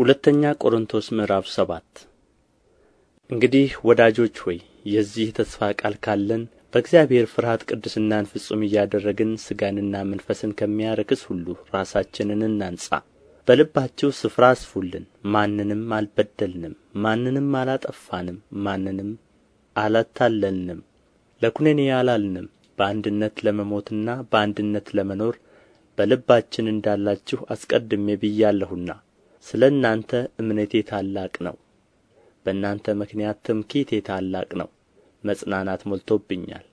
ሁለተኛ ቆሮንቶስ ምዕራፍ ሰባት እንግዲህ ወዳጆች ሆይ የዚህ ተስፋ ቃል ካለን በእግዚአብሔር ፍርሃት ቅድስናን ፍጹም እያደረግን ሥጋንና መንፈስን ከሚያረክስ ሁሉ ራሳችንን እናንጻ። በልባችሁ ስፍራ አስፉልን። ማንንም አልበደልንም፣ ማንንም አላጠፋንም፣ ማንንም አላታለልንም፣ ለኩኔን አላልንም። በአንድነት ለመሞትና በአንድነት ለመኖር በልባችን እንዳላችሁ አስቀድሜ ብያለሁና ስለ እናንተ እምነቴ ታላቅ ነው በእናንተ ምክንያት ትምክህቴ ታላቅ ነው መጽናናት ሞልቶብኛል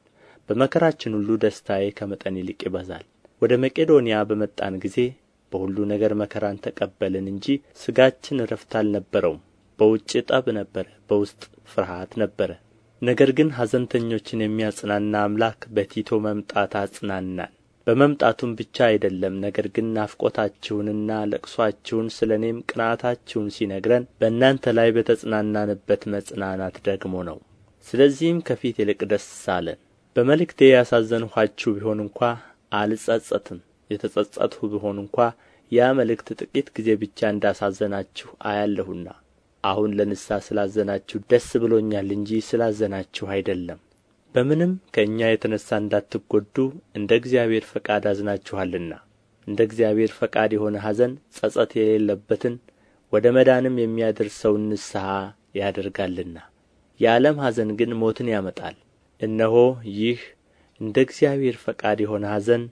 በመከራችን ሁሉ ደስታዬ ከመጠን ይልቅ ይበዛል ወደ መቄዶንያ በመጣን ጊዜ በሁሉ ነገር መከራን ተቀበልን እንጂ ሥጋችን ዕረፍት አልነበረውም በውጭ ጠብ ነበረ በውስጥ ፍርሃት ነበረ ነገር ግን ሐዘንተኞችን የሚያጽናና አምላክ በቲቶ መምጣት አጽናናን በመምጣቱም ብቻ አይደለም ነገር ግን ናፍቆታችሁንና ልቅሶአችሁን ስለ እኔም ቅንዓታችሁን ሲነግረን በእናንተ ላይ በተጽናናንበት መጽናናት ደግሞ ነው ስለዚህም ከፊት ይልቅ ደስ አለን በመልእክቴ ያሳዘንኋችሁ ቢሆን እንኳ አልጸጸትም የተጸጸትሁ ብሆን እንኳ ያ መልእክት ጥቂት ጊዜ ብቻ እንዳሳዘናችሁ አያለሁና አሁን ለንስሐ ስላዘናችሁ ደስ ብሎኛል እንጂ ስላዘናችሁ አይደለም በምንም ከእኛ የተነሣ እንዳትጎዱ እንደ እግዚአብሔር ፈቃድ አዝናችኋልና እንደ እግዚአብሔር ፈቃድ የሆነ ኀዘን ጸጸት የሌለበትን ወደ መዳንም የሚያደርሰውን ንስሐ ያደርጋልና የዓለም ኀዘን ግን ሞትን ያመጣል እነሆ ይህ እንደ እግዚአብሔር ፈቃድ የሆነ ኀዘን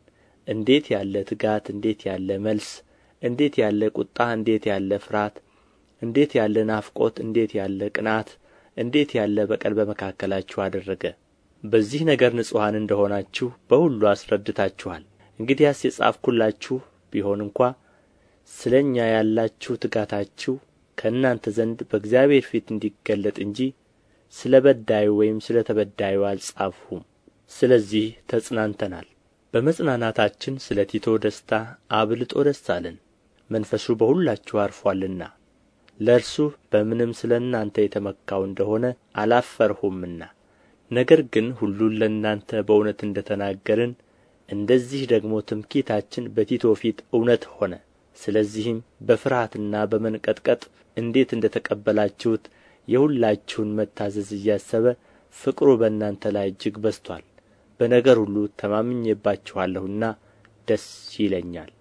እንዴት ያለ ትጋት እንዴት ያለ መልስ እንዴት ያለ ቁጣ እንዴት ያለ ፍርሃት እንዴት ያለ ናፍቆት እንዴት ያለ ቅናት እንዴት ያለ በቀል በመካከላችሁ አደረገ በዚህ ነገር ንጹሐን እንደ ሆናችሁ በሁሉ አስረድታችኋል እንግዲያስ የጻፍኩላችሁ ቢሆን እንኳ ስለ እኛ ያላችሁ ትጋታችሁ ከእናንተ ዘንድ በእግዚአብሔር ፊት እንዲገለጥ እንጂ ስለ በዳዩ ወይም ስለ ተበዳዩ አልጻፍሁም ስለዚህ ተጽናንተናል በመጽናናታችን ስለ ቲቶ ደስታ አብልጦ ደስ አለን መንፈሱ በሁላችሁ አርፏልና ለእርሱ በምንም ስለ እናንተ የተመካው እንደሆነ አላፈርሁምና ነገር ግን ሁሉን ለእናንተ በእውነት እንደ ተናገርን እንደዚህ ደግሞ ትምክህታችን በቲቶ ፊት እውነት ሆነ ስለዚህም በፍርሃትና በመንቀጥቀጥ እንዴት እንደ ተቀበላችሁት የሁላችሁን መታዘዝ እያሰበ ፍቅሩ በእናንተ ላይ እጅግ በዝቶአል በነገር ሁሉ ተማምኜባችኋለሁና ደስ ይለኛል